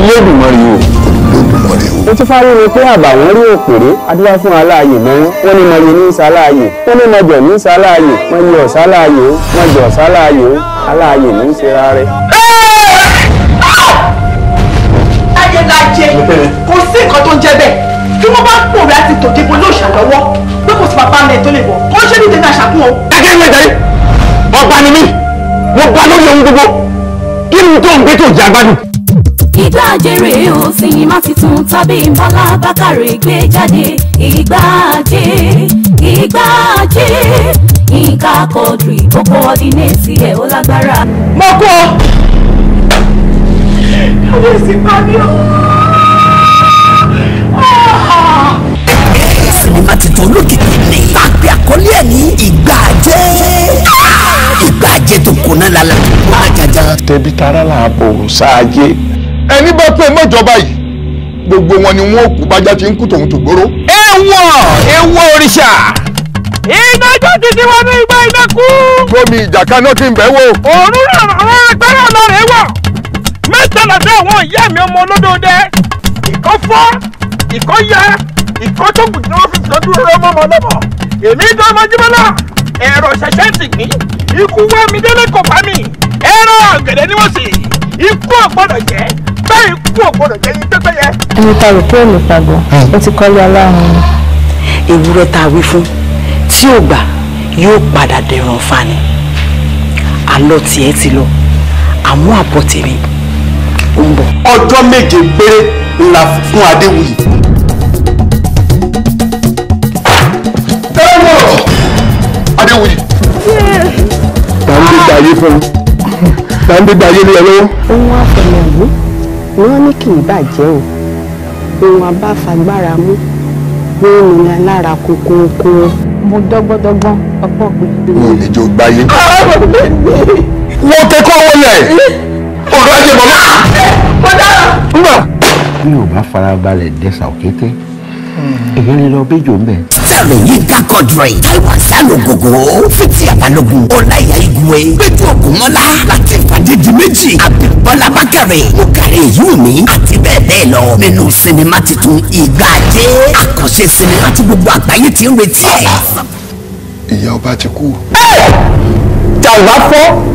olódùmarè o. olódùmarè o. mo ti fárí ni pé àbàwọ́n rí òpèré adúlá fún aláàyè náà wọ́n ní mọ̀yé ní sáláàyè wọ́n ní mọ̀jọ̀ ní sáláàyè mọ̀yé ọ̀sáláàyè o mọ̀jọ̀ sáláàyè o aláàyè ní í ṣera rẹ̀. ajẹ́lajẹ kò sí nǹkan tó ń jẹ́ bẹ́ẹ̀ tí wọ́n bá pòrè àti tòdìbò ló ṣàlọ́wọ́ pé kò sí bàbá mi tó lè wọ̀ kó ṣe ní ìdènà àṣàkùn o. gẹ́gẹ́ ìwé ìdarí ọba ni mí mo bá lórí ohun gbogbo kí ni tó ń gbé tó jẹ́ agbádùn ìgbà jèrè o sinimá titun tàbí Bọ́lá Bákàrè gbé jáde ìgbà ajé ìgbà ajé nǹka kọdùrì kókó ọdínẹ́sì ẹ̀ ó lágbára. mo kú ọ. àwọn èsì pa mí o. sinimá titun olókìkí ni tàbí àkọlé ẹ̀ ní ìgbà ajé ìgbà ajé tó kóná lálẹ́ kóná jajan. tẹbi tara la bò sáájé ẹni bá pé mẹ́jọba yìí gbogbo wọn ni wọn ò kú bájá ti ń kú tòun tògbóró. èèwọ̀ èèwọ̀ òrìṣà iná jó ti ti wọnú igbá iná kú. gómi ìjàkaná ti ń bẹ̀ wò. òórùn àwọn agbára ọlọ́rẹ̀ wọ̀ mẹ́tàlá dé àwọn ìyá mi ọmọ olódòdẹ ìkọ́ fọ́ ìkọ́ ya ìkọ́ tó kù tí wọ́n fi sọ́dún rẹ mọ́mọ́ lọ́mọ́ èmi dán ọmọ jímọ́lá ẹ̀rọ ṣẹ̀ṣẹ̀ ti gbìn ikú wá mi délé kò bá mi ẹ̀rọ ọ̀gẹ̀dẹ̀ ni wọ́n sì ikú ọ̀gbọ́dọ̀ jẹ́ ikú ò gbọdọ̀ jẹ́ yín pẹ́pẹ́yẹ. ẹni ta rò pé ò lè pàgọ́ hmm. ó ti kọ́lé aláàrùn ni. ewúrẹ́ ta wí fún tí ò gbà yóò padà dẹ̀rùn fani àlọ tiẹ̀ ti lọ àmọ́ àbọ̀ tèmi ó ń bọ̀. ọjọ́ méje péré la fún adéwuyì. tẹ́lẹ̀ mọ̀ adéwuyì. tàǹdé gbàyé fún un tàǹdé gbàyé ní ẹ lọ́wọ́. òun á fẹ̀lẹ̀ ọ̀gbìn wọ́n ní kì í bàjẹ́ o ohun abáfagbára mú wọ́n ní alára kókóókó. mo dọ́gbọ́dọ́gbọ́n ọ̀pọ̀ pé. mi ò ní jó gbáyé. wọ́n kẹ́kọ̀ọ́ wọlé ọ̀rọ̀ ajé bàbá. mo dára. nígbà tí o bá farabalẹ̀ dẹ́sà òkété hmm. èyí ń lọ bẹ́jọ́ mbẹ́ olórin yínká kọdùrì táwọn sálò gògó fìtí àbálògùn ọláyà igwe péjú ògùnmọ́lá láti fàdídì méjì àbíbọ́lá bákẹ́rẹ̀ mukari yumi àti bẹ́ẹ̀ bẹ́ẹ̀ lọ nínú sinimá titun ìgbà ajé àkànṣe sinimá tí gbogbo àgbáyé ti ń retí ẹ̀. ìyá ọba ti kú. ẹ fọ́.